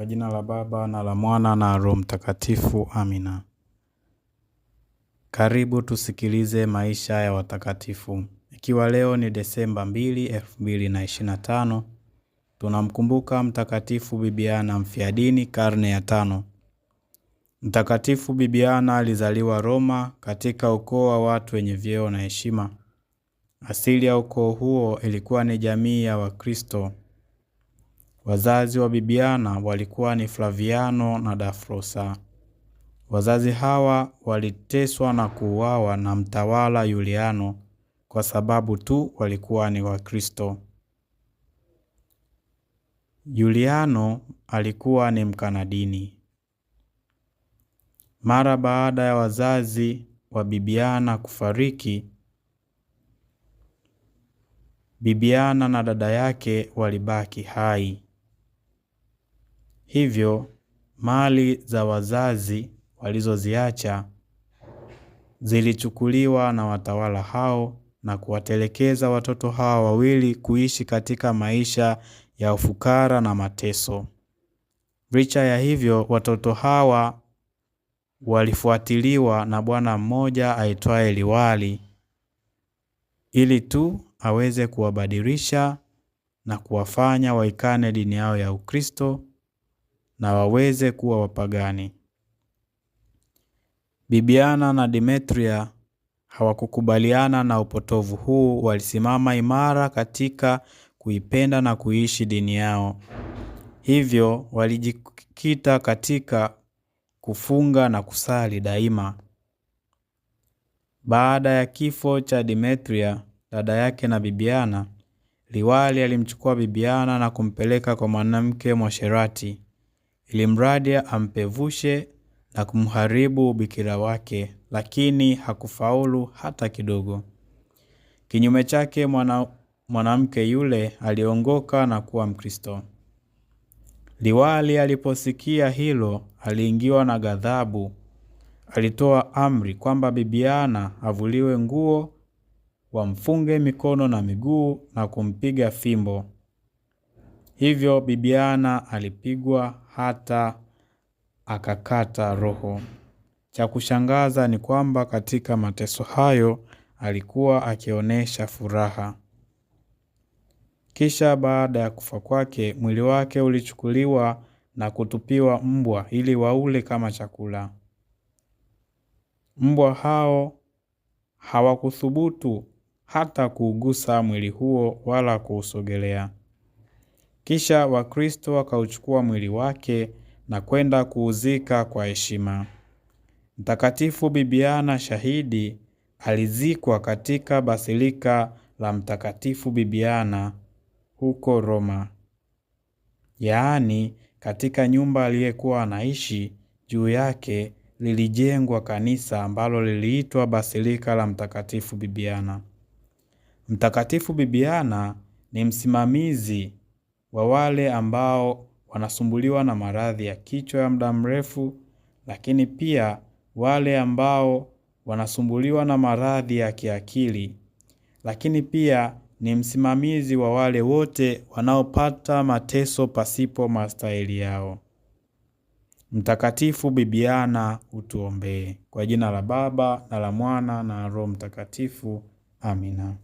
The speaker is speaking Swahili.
Kwa jina la Baba na la Mwana na Roho Mtakatifu, amina. Karibu tusikilize maisha ya watakatifu. Ikiwa leo ni Desemba 2, 2025, tunamkumbuka Mtakatifu Bibiana mfiadini, karne ya tano. Mtakatifu Bibiana alizaliwa Roma, katika ukoo wa watu wenye vyeo na heshima. Asili ya ukoo huo ilikuwa ni jamii ya Wakristo. Wazazi wa Bibiana walikuwa ni Flaviano na Dafrosa. Wazazi hawa waliteswa na kuuawa na mtawala Yuliano kwa sababu tu walikuwa ni Wakristo. Yuliano alikuwa ni Mkanadini. Mara baada ya wazazi wa Bibiana kufariki, Bibiana na dada yake walibaki hai. Hivyo mali za wazazi walizoziacha zilichukuliwa na watawala hao na kuwatelekeza watoto hawa wawili kuishi katika maisha ya ufukara na mateso. Licha ya hivyo, watoto hawa walifuatiliwa na bwana mmoja aitwaye Liwali ili tu aweze kuwabadilisha na kuwafanya waikane dini yao ya Ukristo na waweze kuwa wapagani. Bibiana na Demetria hawakukubaliana na upotovu huu, walisimama imara katika kuipenda na kuishi dini yao. Hivyo walijikita katika kufunga na kusali daima. Baada ya kifo cha Demetria, dada yake na Bibiana, liwali alimchukua Bibiana na kumpeleka kwa mwanamke mwasherati ili mradi ampevushe na kumharibu ubikira wake, lakini hakufaulu hata kidogo. Kinyume chake, mwanamke yule aliongoka na kuwa Mkristo. Liwali aliposikia hilo, aliingiwa na ghadhabu. Alitoa amri kwamba Bibiana avuliwe nguo, wamfunge mikono na miguu na kumpiga fimbo. Hivyo Bibiana alipigwa hata akakata roho. Cha kushangaza ni kwamba katika mateso hayo alikuwa akionyesha furaha. Kisha baada ya kufa kwake, mwili wake ulichukuliwa na kutupiwa mbwa ili waule kama chakula. Mbwa hao hawakuthubutu hata kuugusa mwili huo wala kuusogelea. Kisha Wakristo wakauchukua mwili wake na kwenda kuuzika kwa heshima. Mtakatifu Bibiana shahidi alizikwa katika basilika la Mtakatifu Bibiana huko Roma, yaani katika nyumba aliyekuwa anaishi. Juu yake lilijengwa kanisa ambalo liliitwa basilika la Mtakatifu Bibiana. Mtakatifu Bibiana ni msimamizi wa wale ambao wanasumbuliwa na maradhi ya kichwa ya muda mrefu, lakini pia wale ambao wanasumbuliwa na maradhi ya kiakili, lakini pia ni msimamizi wa wale wote wanaopata mateso pasipo mastahili yao. Mtakatifu Bibiana, utuombee. Kwa jina la Baba na la Mwana na Roho Mtakatifu. Amina.